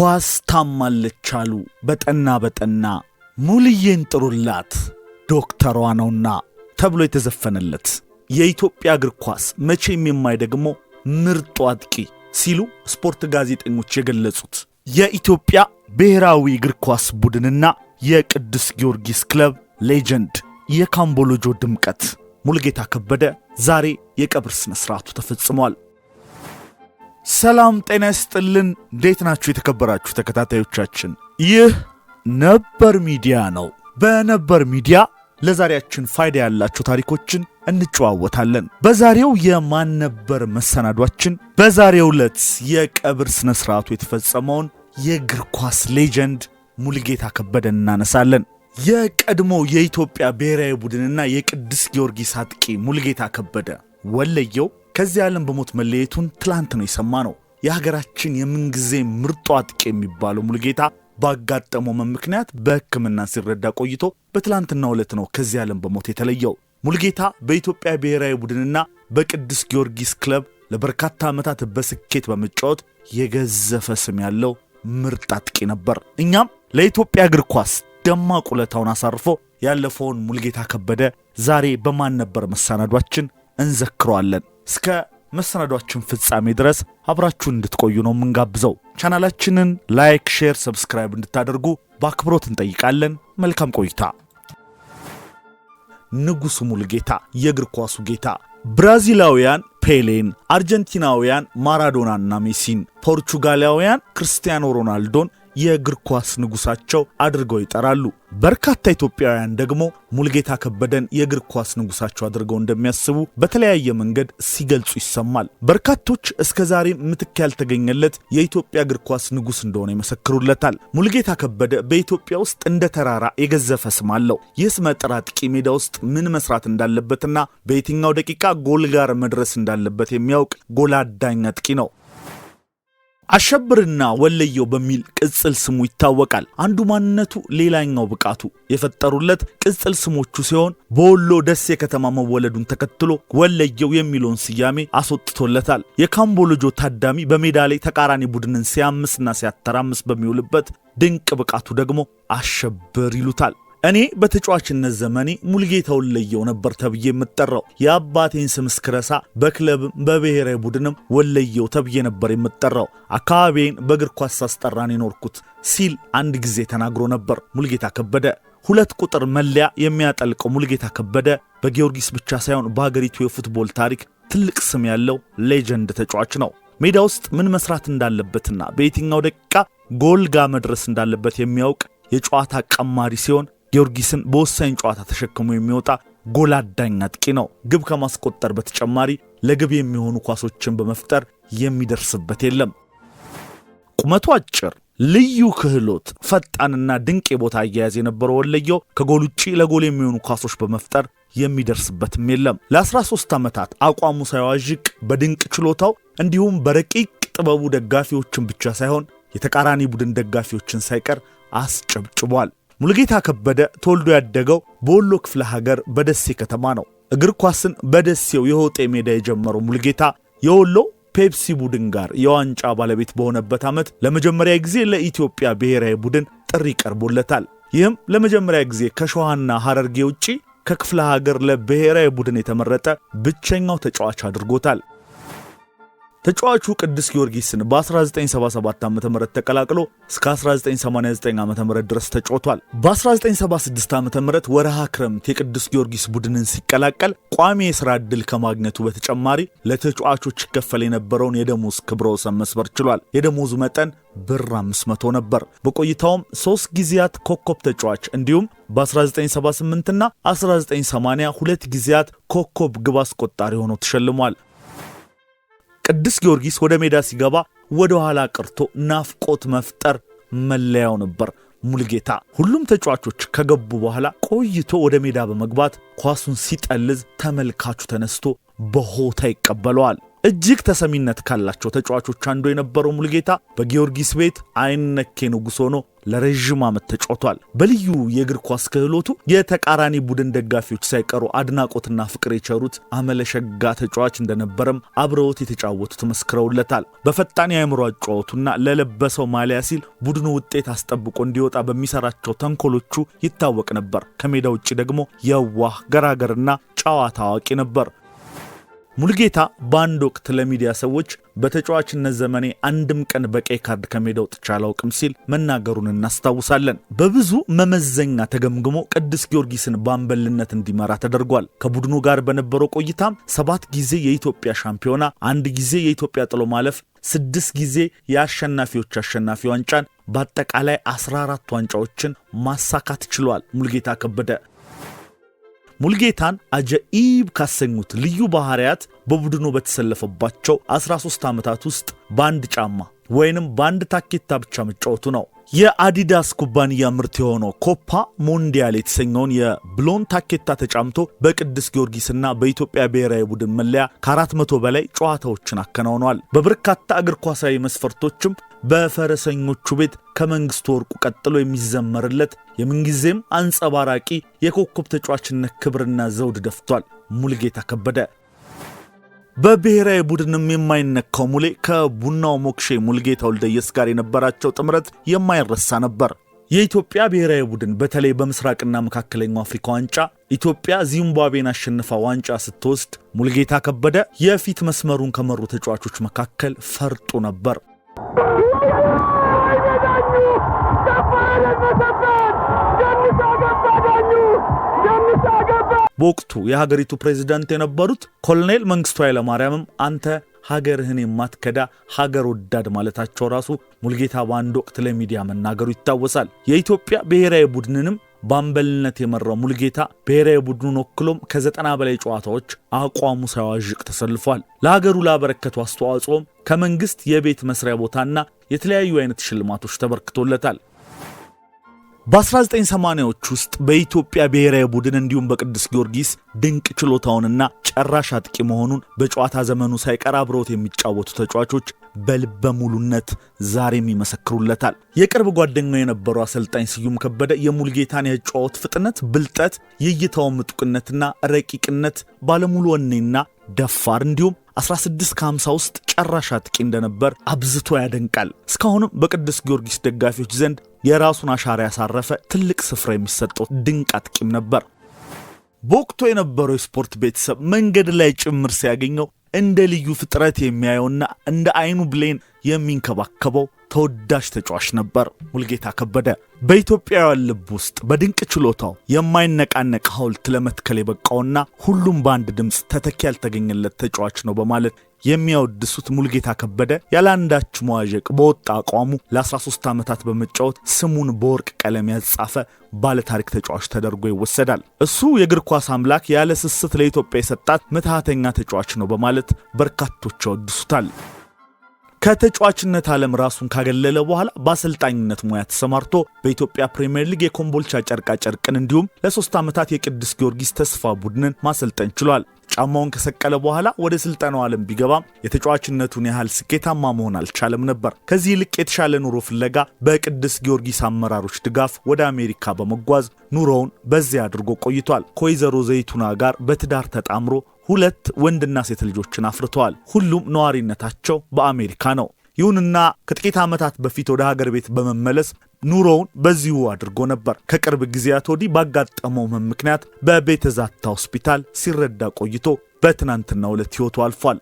ኳስ ታማለች አሉ በጠና በጠና ሙልዬን ጥሩላት ዶክተሯ ነውና ተብሎ የተዘፈነለት የኢትዮጵያ እግር ኳስ መቼም የማይ ደግሞ ምርጡ አጥቂ ሲሉ ስፖርት ጋዜጠኞች የገለጹት የኢትዮጵያ ብሔራዊ እግር ኳስ ቡድንና የቅዱስ ጊዮርጊስ ክለብ ሌጀንድ የካምቦሎጆ ድምቀት ሙልጌታ ከበደ ዛሬ የቀብር ሥነ ሥርዓቱ ተፈጽሟል። ሰላም ጤና ይስጥልን። እንዴት ናችሁ የተከበራችሁ ተከታታዮቻችን? ይህ ነበር ሚዲያ ነው። በነበር ሚዲያ ለዛሬያችን ፋይዳ ያላቸው ታሪኮችን እንጨዋወታለን። በዛሬው የማን ነበር መሰናዷችን በዛሬው ዕለት የቀብር ስነ ስርዓቱ የተፈጸመውን የእግር ኳስ ሌጀንድ ሙልጌታ ከበደን እናነሳለን። የቀድሞ የኢትዮጵያ ብሔራዊ ቡድንና የቅዱስ ጊዮርጊስ አጥቂ ሙልጌታ ከበደ ወለየው ከዚህ ዓለም በሞት መለየቱን ትላንት ነው የሰማ ነው። የሀገራችን የምንጊዜ ምርጡ አጥቂ የሚባለው ሙሉጌታ ባጋጠመው ምክንያት በሕክምና ሲረዳ ቆይቶ በትላንትናው ዕለት ነው ከዚህ ዓለም በሞት የተለየው። ሙሉጌታ በኢትዮጵያ ብሔራዊ ቡድንና በቅዱስ ጊዮርጊስ ክለብ ለበርካታ ዓመታት በስኬት በመጫወት የገዘፈ ስም ያለው ምርጥ አጥቂ ነበር። እኛም ለኢትዮጵያ እግር ኳስ ደማቅ ውለታውን አሳርፎ ያለፈውን ሙሉጌታ ከበደ ዛሬ በማን ነበር መሰናዷችን እንዘክረዋለን። እስከ መሰናዷችን ፍጻሜ ድረስ አብራችሁን እንድትቆዩ ነው የምንጋብዘው። ቻናላችንን ላይክ፣ ሼር፣ ሰብስክራይብ እንድታደርጉ በአክብሮት እንጠይቃለን። መልካም ቆይታ። ንጉሱ ሙሉጌታ፣ የእግር ኳሱ ጌታ ብራዚላውያን ፔሌን፣ አርጀንቲናውያን ማራዶናና ሜሲን፣ ፖርቹጋላውያን ክርስቲያኖ ሮናልዶን የእግር ኳስ ንጉሳቸው አድርገው ይጠራሉ። በርካታ ኢትዮጵያውያን ደግሞ ሙልጌታ ከበደን የእግር ኳስ ንጉሳቸው አድርገው እንደሚያስቡ በተለያየ መንገድ ሲገልጹ ይሰማል። በርካቶች እስከ ዛሬ ምትክ ያልተገኘለት የኢትዮጵያ እግር ኳስ ንጉስ እንደሆነ ይመሰክሩለታል። ሙልጌታ ከበደ በኢትዮጵያ ውስጥ እንደ ተራራ የገዘፈ ስም አለው። ይህ ስመ ጥራ አጥቂ ሜዳ ውስጥ ምን መስራት እንዳለበትና በየትኛው ደቂቃ ጎል ጋር መድረስ እንዳለበት የሚያውቅ ጎል አዳኝ አጥቂ ነው። አሸብርና ወለየው በሚል ቅጽል ስሙ ይታወቃል። አንዱ ማንነቱ፣ ሌላኛው ብቃቱ የፈጠሩለት ቅጽል ስሞቹ ሲሆን በወሎ ደሴ ከተማ መወለዱን ተከትሎ ወለየው የሚለውን ስያሜ አስወጥቶለታል። የካምቦ ልጆ ታዳሚ በሜዳ ላይ ተቃራኒ ቡድንን ሲያምስና ሲያተራምስ በሚውልበት ድንቅ ብቃቱ ደግሞ አሸብር ይሉታል። እኔ በተጫዋችነት ዘመኔ ሙልጌታውን ለየው ነበር ተብዬ የምጠራው። የአባቴን ስም እስክረሳ በክለብም በብሔራዊ ቡድንም ወለየው ተብዬ ነበር የምጠራው። አካባቢዬን በእግር ኳስ ሳስጠራን የኖርኩት ሲል አንድ ጊዜ ተናግሮ ነበር ሙልጌታ ከበደ። ሁለት ቁጥር መለያ የሚያጠልቀው ሙልጌታ ከበደ በጊዮርጊስ ብቻ ሳይሆን በሀገሪቱ የፉትቦል ታሪክ ትልቅ ስም ያለው ሌጀንድ ተጫዋች ነው። ሜዳ ውስጥ ምን መስራት እንዳለበትና በየትኛው ደቂቃ ጎልጋ መድረስ እንዳለበት የሚያውቅ የጨዋታ ቀማሪ ሲሆን ጊዮርጊስን በወሳኝ ጨዋታ ተሸክሞ የሚወጣ ጎል አዳኝ አጥቂ ነው። ግብ ከማስቆጠር በተጨማሪ ለግብ የሚሆኑ ኳሶችን በመፍጠር የሚደርስበት የለም። ቁመቱ አጭር፣ ልዩ ክህሎት፣ ፈጣንና ድንቅ የቦታ አያያዝ የነበረው ወለዮ ከጎል ውጪ ለጎል የሚሆኑ ኳሶች በመፍጠር የሚደርስበትም የለም። ለ13 ዓመታት አቋሙ ሳይዋዥቅ በድንቅ ችሎታው እንዲሁም በረቂቅ ጥበቡ ደጋፊዎችን ብቻ ሳይሆን የተቃራኒ ቡድን ደጋፊዎችን ሳይቀር አስጨብጭቧል። ሙሉጌታ ከበደ ተወልዶ ያደገው በወሎ ክፍለ ሀገር በደሴ ከተማ ነው። እግር ኳስን በደሴው የሆጤ ሜዳ የጀመረው ሙሉጌታ የወሎ ፔፕሲ ቡድን ጋር የዋንጫ ባለቤት በሆነበት ዓመት ለመጀመሪያ ጊዜ ለኢትዮጵያ ብሔራዊ ቡድን ጥሪ ቀርቦለታል። ይህም ለመጀመሪያ ጊዜ ከሸዋና ሐረርጌ ውጪ ከክፍለ ሀገር ለብሔራዊ ቡድን የተመረጠ ብቸኛው ተጫዋች አድርጎታል። ተጫዋቹ ቅዱስ ጊዮርጊስን በ1977 ዓ ም ተቀላቅሎ እስከ 1989 ዓ ም ድረስ ተጫውቷል። በ1976 ዓ ም ወረሃ ክረምት የቅዱስ ጊዮርጊስ ቡድንን ሲቀላቀል ቋሚ የሥራ ዕድል ከማግኘቱ በተጨማሪ ለተጫዋቾች ይከፈል የነበረውን የደሞዝ ክብረ ወሰን መስበር ችሏል። የደሞዙ መጠን ብር 500 ነበር። በቆይታውም ሶስት ጊዜያት ኮከብ ተጫዋች እንዲሁም በ1978 እና 1980 ሁለት ጊዜያት ኮከብ ግብ አስቆጣሪ ሆኖ ተሸልሟል። ቅዱስ ጊዮርጊስ ወደ ሜዳ ሲገባ ወደ ኋላ ቀርቶ ናፍቆት መፍጠር መለያው ነበር። ሙልጌታ ሁሉም ተጫዋቾች ከገቡ በኋላ ቆይቶ ወደ ሜዳ በመግባት ኳሱን ሲጠልዝ ተመልካቹ ተነስቶ በሆታ ይቀበለዋል። እጅግ ተሰሚነት ካላቸው ተጫዋቾች አንዱ የነበረው ሙልጌታ በጊዮርጊስ ቤት አይነኬ ንጉሥ ሆኖ ለረዥም ዓመት ተጫውቷል። በልዩ የእግር ኳስ ክህሎቱ የተቃራኒ ቡድን ደጋፊዎች ሳይቀሩ አድናቆትና ፍቅር የቸሩት አመለሸጋ ተጫዋች እንደነበረም አብረውት የተጫወቱት መስክረውለታል። በፈጣን የአእምሮ አጫወቱና ለለበሰው ማሊያ ሲል ቡድኑ ውጤት አስጠብቆ እንዲወጣ በሚሰራቸው ተንኮሎቹ ይታወቅ ነበር። ከሜዳ ውጭ ደግሞ የዋህ ገራገርና ጨዋታ አዋቂ ነበር። ሙልጌታ በአንድ ወቅት ለሚዲያ ሰዎች በተጫዋችነት ዘመኔ አንድም ቀን በቀይ ካርድ ከሜዳ ወጥቼ አላውቅም ሲል መናገሩን እናስታውሳለን። በብዙ መመዘኛ ተገምግሞ ቅዱስ ጊዮርጊስን በአምበልነት እንዲመራ ተደርጓል። ከቡድኑ ጋር በነበረው ቆይታም ሰባት ጊዜ የኢትዮጵያ ሻምፒዮና፣ አንድ ጊዜ የኢትዮጵያ ጥሎ ማለፍ፣ ስድስት ጊዜ የአሸናፊዎች አሸናፊ ዋንጫን፣ በአጠቃላይ 14 ዋንጫዎችን ማሳካት ችሏል ሙልጌታ ከበደ። ሙልጌታን አጀኢብ ካሰኙት ልዩ ባህርያት በቡድኑ በተሰለፈባቸው 13 ዓመታት ውስጥ በአንድ ጫማ ወይንም በአንድ ታኬታ ብቻ መጫወቱ ነው። የአዲዳስ ኩባንያ ምርት የሆነው ኮፓ ሞንዲያል የተሰኘውን የብሎን ታኬታ ተጫምቶ በቅዱስ ጊዮርጊስና በኢትዮጵያ ብሔራዊ ቡድን መለያ ከ400 በላይ ጨዋታዎችን አከናውኗል። በበርካታ እግር ኳሳዊ መስፈርቶችም በፈረሰኞቹ ቤት ከመንግሥቱ ወርቁ ቀጥሎ የሚዘመርለት የምንጊዜም አንጸባራቂ የኮከብ ተጫዋችነት ክብርና ዘውድ ደፍቷል ሙልጌታ ከበደ። በብሔራዊ ቡድንም የማይነካው ሙሌ ከቡናው ሞክሼ ሙልጌታ ወልደየስ ጋር የነበራቸው ጥምረት የማይረሳ ነበር። የኢትዮጵያ ብሔራዊ ቡድን በተለይ በምስራቅና መካከለኛው አፍሪካ ዋንጫ ኢትዮጵያ ዚምባብዌን አሸንፋ ዋንጫ ስትወስድ ሙልጌታ ከበደ የፊት መስመሩን ከመሩ ተጫዋቾች መካከል ፈርጡ ነበር። በወቅቱ የሀገሪቱ ፕሬዚዳንት የነበሩት ኮሎኔል መንግስቱ ኃይለማርያምም አንተ ሀገርህን የማትከዳ ሀገር ወዳድ ማለታቸው ራሱ ሙልጌታ በአንድ ወቅት ለሚዲያ መናገሩ ይታወሳል። የኢትዮጵያ ብሔራዊ ቡድንንም በአምበልነት የመራው ሙልጌታ ብሔራዊ ቡድኑን ወክሎም ከዘጠና በላይ ጨዋታዎች አቋሙ ሳይዋዥቅ ተሰልፏል። ለሀገሩ ላበረከቱ አስተዋጽኦም ከመንግሥት የቤት መስሪያ ቦታና የተለያዩ አይነት ሽልማቶች ተበርክቶለታል። በ1980ዎች ውስጥ በኢትዮጵያ ብሔራዊ ቡድን እንዲሁም በቅዱስ ጊዮርጊስ ድንቅ ችሎታውንና ጨራሽ አጥቂ መሆኑን በጨዋታ ዘመኑ ሳይቀር አብረውት የሚጫወቱ ተጫዋቾች በልበ ሙሉነት ዛሬም ይመሰክሩለታል። የቅርብ ጓደኛው የነበረው አሰልጣኝ ስዩም ከበደ የሙልጌታን የጨዋወት ፍጥነት፣ ብልጠት፣ የእይታውን ምጡቅነትና ረቂቅነት ባለሙሉ ወኔና ደፋር እንዲሁም 16 ከ50 ውስጥ ጨራሽ አጥቂ እንደነበር አብዝቶ ያደንቃል። እስካሁንም በቅዱስ ጊዮርጊስ ደጋፊዎች ዘንድ የራሱን አሻራ ያሳረፈ ትልቅ ስፍራ የሚሰጠው ድንቅ አጥቂም ነበር። በወቅቱ የነበረው የስፖርት ቤተሰብ መንገድ ላይ ጭምር ሲያገኘው እንደ ልዩ ፍጥረት የሚያየውና እንደ አይኑ ብሌን የሚንከባከበው ተወዳጅ ተጫዋች ነበር ሙልጌታ ከበደ። በኢትዮጵያውያን ልብ ውስጥ በድንቅ ችሎታው የማይነቃነቅ ሐውልት ለመትከል የበቃውና ሁሉም በአንድ ድምፅ ተተኪ ያልተገኘለት ተጫዋች ነው በማለት የሚያወድሱት ሙልጌታ ከበደ ያለአንዳች መዋዠቅ በወጣ አቋሙ ለ13 ዓመታት በመጫወት ስሙን በወርቅ ቀለም ያጻፈ ባለታሪክ ተጫዋች ተደርጎ ይወሰዳል። እሱ የእግር ኳስ አምላክ ያለ ስስት ለኢትዮጵያ የሰጣት ምትሃተኛ ተጫዋች ነው በማለት በርካቶች ያወድሱታል። ከተጫዋችነት ዓለም ራሱን ካገለለ በኋላ በአሰልጣኝነት ሙያ ተሰማርቶ በኢትዮጵያ ፕሪምየር ሊግ የኮምቦልቻ ጨርቃ ጨርቅን እንዲሁም ለሶስት ዓመታት የቅዱስ ጊዮርጊስ ተስፋ ቡድንን ማሰልጠን ችሏል። ጫማውን ከሰቀለ በኋላ ወደ ስልጠናው ዓለም ቢገባም የተጫዋችነቱን ያህል ስኬታማ መሆን አልቻለም ነበር። ከዚህ ይልቅ የተሻለ ኑሮ ፍለጋ በቅዱስ ጊዮርጊስ አመራሮች ድጋፍ ወደ አሜሪካ በመጓዝ ኑሮውን በዚያ አድርጎ ቆይቷል። ከወይዘሮ ዘይቱና ጋር በትዳር ተጣምሮ ሁለት ወንድና ሴት ልጆችን አፍርተዋል። ሁሉም ነዋሪነታቸው በአሜሪካ ነው። ይሁንና ከጥቂት ዓመታት በፊት ወደ ሀገር ቤት በመመለስ ኑሮውን በዚሁ አድርጎ ነበር። ከቅርብ ጊዜያት ወዲህ ባጋጠመው ምክንያት በቤተዛታ ሆስፒታል ሲረዳ ቆይቶ በትናንትናው ዕለት ሕይወቱ አልፏል።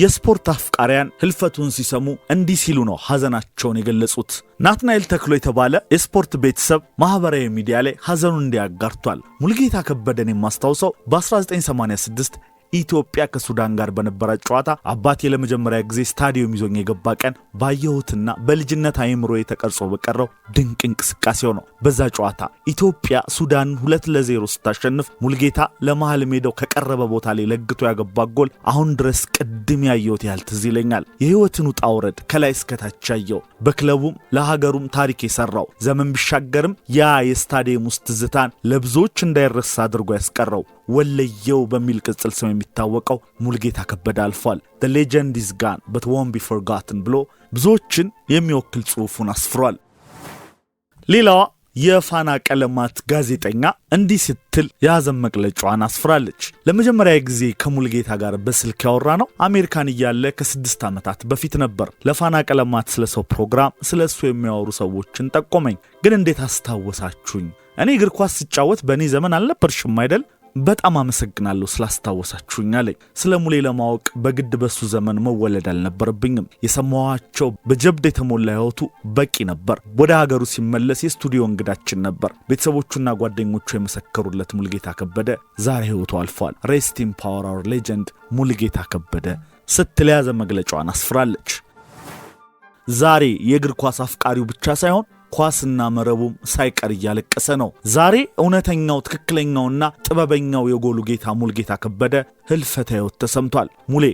የስፖርት አፍቃሪያን ህልፈቱን ሲሰሙ እንዲህ ሲሉ ነው ሐዘናቸውን የገለጹት። ናትናኤል ተክሎ የተባለ የስፖርት ቤተሰብ ማኅበራዊ ሚዲያ ላይ ሐዘኑን እንዲያጋርቷል። ሙልጌታ ከበደን የማስታውሰው በ1986 ኢትዮጵያ ከሱዳን ጋር በነበራት ጨዋታ አባቴ ለመጀመሪያ ጊዜ ስታዲየም ይዞኝ የገባ ቀን ባየሁትና በልጅነት አይምሮ የተቀርጾ በቀረው ድንቅ እንቅስቃሴው ነው። በዛ ጨዋታ ኢትዮጵያ ሱዳን ሁለት ለዜሮ ስታሸንፍ ሙልጌታ ለመሃል ሜዳው ከቀረበ ቦታ ላይ ለግቶ ያገባ ጎል አሁን ድረስ ቅድም ያየሁት ያህል ትዝ ይለኛል። የህይወትን ውጣ ውረድ ከላይ እስከታች ያየው በክለቡም ለሀገሩም ታሪክ የሰራው ዘመን ቢሻገርም ያ የስታዲየም ውስጥ ትዝታን ለብዙዎች እንዳይረሳ አድርጎ ያስቀረው ወለየው በሚል ቅጽል ስም የሚታወቀው ሙልጌታ ከበደ አልፏል። ደ ሌጀንድ ኢዝ ጋን በት ወን ቢ ፎርጋትን ብሎ ብዙዎችን የሚወክል ጽሑፉን አስፍሯል። ሌላዋ የፋና ቀለማት ጋዜጠኛ እንዲህ ስትል የሐዘን መግለጫዋን አስፍራለች። ለመጀመሪያ ጊዜ ከሙልጌታ ጋር በስልክ ያወራ ነው አሜሪካን እያለ ከስድስት ዓመታት በፊት ነበር። ለፋና ቀለማት ስለ ሰው ፕሮግራም ስለ እሱ የሚያወሩ ሰዎችን ጠቆመኝ። ግን እንዴት አስታወሳችሁኝ? እኔ እግር ኳስ ስጫወት በእኔ ዘመን አልነበርሽም አይደል? በጣም አመሰግናለሁ ስላስታወሳችሁኝ አለኝ። ስለ ሙሌ ለማወቅ በግድ በሱ ዘመን መወለድ አልነበረብኝም። የሰማኋቸው በጀብድ የተሞላ ህይወቱ በቂ ነበር። ወደ ሀገሩ ሲመለስ የስቱዲዮ እንግዳችን ነበር። ቤተሰቦቹና ጓደኞቹ የመሰከሩለት ሙልጌታ ከበደ ዛሬ ህይወቱ አልፏል። ሬስቲን ፓወር አወር ሌጀንድ ሙልጌታ ከበደ ስትለያዘ መግለጫዋን አስፍራለች። ዛሬ የእግር ኳስ አፍቃሪው ብቻ ሳይሆን ኳስና መረቡም ሳይቀር እያለቀሰ ነው። ዛሬ እውነተኛው ትክክለኛውና ጥበበኛው የጎሉ ጌታ ሙልጌታ ከበደ ህልፈተ ሕይወት ተሰምቷል። ሙሌ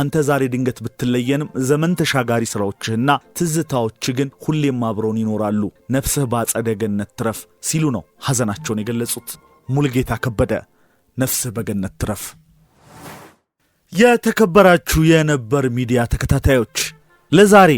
አንተ ዛሬ ድንገት ብትለየንም ዘመን ተሻጋሪ ሥራዎችህና ትዝታዎች ግን ሁሌም አብረውን ይኖራሉ፣ ነፍስህ በአጸደ ገነት ትረፍ ሲሉ ነው ሐዘናቸውን የገለጹት። ሙልጌታ ከበደ ነፍስህ በገነት ትረፍ። የተከበራችሁ የነበር ሚዲያ ተከታታዮች ለዛሬ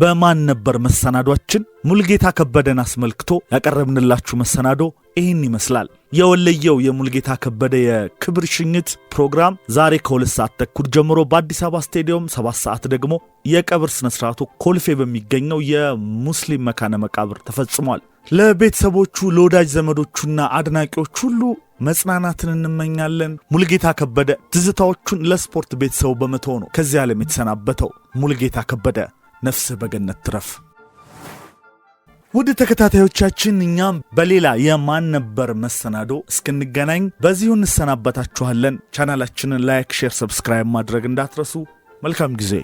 በማን ነበር መሰናዷችን ሙልጌታ ከበደን አስመልክቶ ያቀረብንላችሁ መሰናዶ ይህን ይመስላል። የወለየው የሙልጌታ ከበደ የክብር ሽኝት ፕሮግራም ዛሬ ከሁለት ሰዓት ተኩል ጀምሮ በአዲስ አበባ ስቴዲየም፣ ሰባት ሰዓት ደግሞ የቀብር ስነስርዓቱ ኮልፌ በሚገኘው የሙስሊም መካነ መቃብር ተፈጽሟል። ለቤተሰቦቹ ለወዳጅ ዘመዶቹና አድናቂዎች ሁሉ መጽናናትን እንመኛለን። ሙልጌታ ከበደ ትዝታዎቹን ለስፖርት ቤተሰቡ በመተው ነው ከዚህ ዓለም የተሰናበተው። ሙልጌታ ከበደ ነፍስህ በገነት ትረፍ። ውድ ተከታታዮቻችን እኛም በሌላ የማን ነበር መሰናዶ እስክንገናኝ በዚሁ እንሰናበታችኋለን። ቻናላችንን ላይክ፣ ሼር፣ ሰብስክራይብ ማድረግ እንዳትረሱ። መልካም ጊዜ